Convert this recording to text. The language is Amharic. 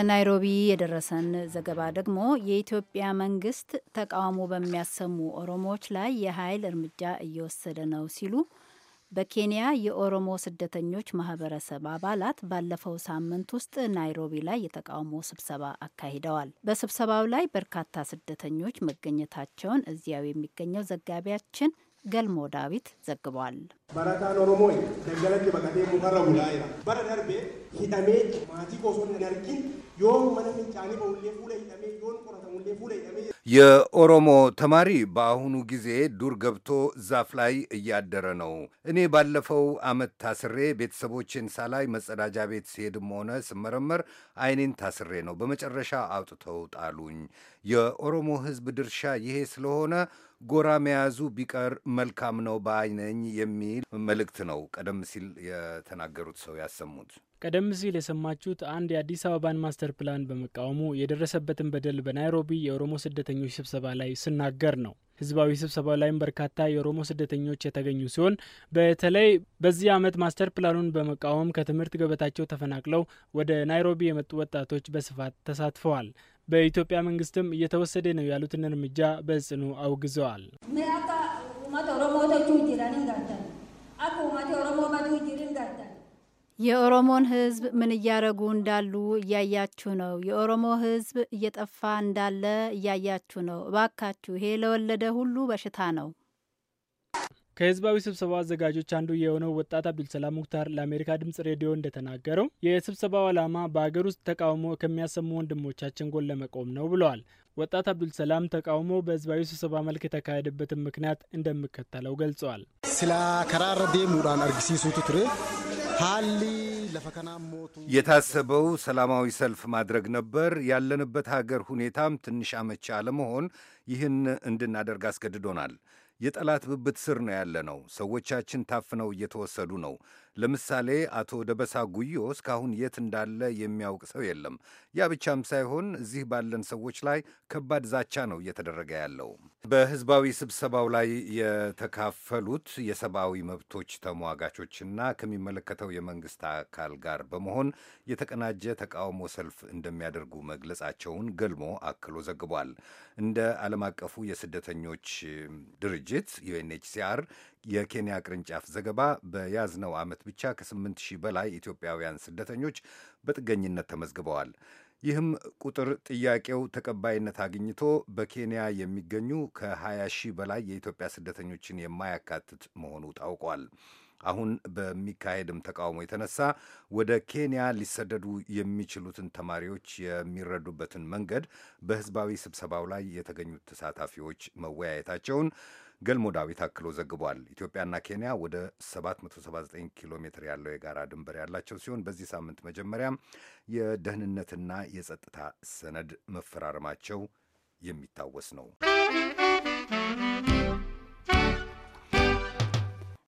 ከናይሮቢ የደረሰን ዘገባ ደግሞ የኢትዮጵያ መንግስት ተቃውሞ በሚያሰሙ ኦሮሞዎች ላይ የኃይል እርምጃ እየወሰደ ነው ሲሉ በኬንያ የኦሮሞ ስደተኞች ማህበረሰብ አባላት ባለፈው ሳምንት ውስጥ ናይሮቢ ላይ የተቃውሞ ስብሰባ አካሂደዋል። በስብሰባው ላይ በርካታ ስደተኞች መገኘታቸውን እዚያው የሚገኘው ዘጋቢያችን ገልሞ ዳዊት ዘግቧል። በረታን ኦሮሞ ደገለች በቀቴ ሙከረ ቡላ በረ ደርቤ ሂጠሜ ማቲ ቆሶ ነርጊን ዮን መነ ፍንጫኒ በሁሌ ፉለ ሂጠሜ ዮን ቁረ የኦሮሞ ተማሪ በአሁኑ ጊዜ ዱር ገብቶ ዛፍ ላይ እያደረ ነው። እኔ ባለፈው ዓመት ታስሬ ቤተሰቦቼን ሳላይ መጸዳጃ ቤት ሲሄድም ሆነ ስመረመር ዓይኔን ታስሬ ነው። በመጨረሻ አውጥተው ጣሉኝ። የኦሮሞ ሕዝብ ድርሻ ይሄ ስለሆነ ጎራ መያዙ ቢቀር መልካም ነው ባይነኝ የሚል መልእክት ነው ቀደም ሲል የተናገሩት ሰው ያሰሙት። ቀደም ሲል የሰማችሁት አንድ የአዲስ አበባን ማስተር ፕላን በመቃወሙ የደረሰበትን በደል በናይሮቢ የኦሮሞ ስደተኞች ስብሰባ ላይ ስናገር ነው። ህዝባዊ ስብሰባ ላይም በርካታ የኦሮሞ ስደተኞች የተገኙ ሲሆን በተለይ በዚህ ዓመት ማስተር ፕላኑን በመቃወም ከትምህርት ገበታቸው ተፈናቅለው ወደ ናይሮቢ የመጡ ወጣቶች በስፋት ተሳትፈዋል። በኢትዮጵያ መንግስትም እየተወሰደ ነው ያሉትን እርምጃ በጽኑ አውግዘዋል። ኦሮሞ የኦሮሞን ህዝብ ምን እያደረጉ እንዳሉ እያያችሁ ነው። የኦሮሞ ህዝብ እየጠፋ እንዳለ እያያችሁ ነው። እባካችሁ ይሄ ለወለደ ሁሉ በሽታ ነው። ከህዝባዊ ስብሰባ አዘጋጆች አንዱ የሆነው ወጣት አብዱልሰላም ሙክታር ለአሜሪካ ድምጽ ሬዲዮ እንደተናገረው የስብሰባው ዓላማ በሀገር ውስጥ ተቃውሞ ከሚያሰሙ ወንድሞቻችን ጎን ለመቆም ነው ብለዋል። ወጣት አብዱልሰላም ተቃውሞ በህዝባዊ ስብሰባ መልክ የተካሄደበትን ምክንያት እንደሚከተለው ገልጸዋል። ስለ ከራረ ዴሙዳን አርግሲሱቱ ቱሬ ሀሊ የታሰበው ሰላማዊ ሰልፍ ማድረግ ነበር። ያለንበት ሀገር ሁኔታም ትንሽ አመቺ አለመሆን ይህን እንድናደርግ አስገድዶናል። የጠላት ብብት ስር ነው ያለነው። ሰዎቻችን ታፍነው እየተወሰዱ ነው። ለምሳሌ አቶ ደበሳ ጉዮ እስካሁን የት እንዳለ የሚያውቅ ሰው የለም። ያ ብቻም ሳይሆን እዚህ ባለን ሰዎች ላይ ከባድ ዛቻ ነው እየተደረገ ያለው። በህዝባዊ ስብሰባው ላይ የተካፈሉት የሰብአዊ መብቶች ተሟጋቾችና ከሚመለከተው የመንግስት አካል ጋር በመሆን የተቀናጀ ተቃውሞ ሰልፍ እንደሚያደርጉ መግለጻቸውን ገልሞ አክሎ ዘግቧል። እንደ ዓለም አቀፉ የስደተኞች ድርጅት ዩኤንኤችሲአር የኬንያ ቅርንጫፍ ዘገባ በያዝነው ዓመት ብቻ ከ8 ሺህ በላይ ኢትዮጵያውያን ስደተኞች በጥገኝነት ተመዝግበዋል። ይህም ቁጥር ጥያቄው ተቀባይነት አግኝቶ በኬንያ የሚገኙ ከ20 ሺህ በላይ የኢትዮጵያ ስደተኞችን የማያካትት መሆኑ ታውቋል። አሁን በሚካሄድም ተቃውሞ የተነሳ ወደ ኬንያ ሊሰደዱ የሚችሉትን ተማሪዎች የሚረዱበትን መንገድ በህዝባዊ ስብሰባው ላይ የተገኙት ተሳታፊዎች መወያየታቸውን ገልሞ ዳዊት አክሎ ዘግቧል። ኢትዮጵያና ኬንያ ወደ 779 ኪሎ ሜትር ያለው የጋራ ድንበር ያላቸው ሲሆን በዚህ ሳምንት መጀመሪያም የደህንነትና የጸጥታ ሰነድ መፈራረማቸው የሚታወስ ነው።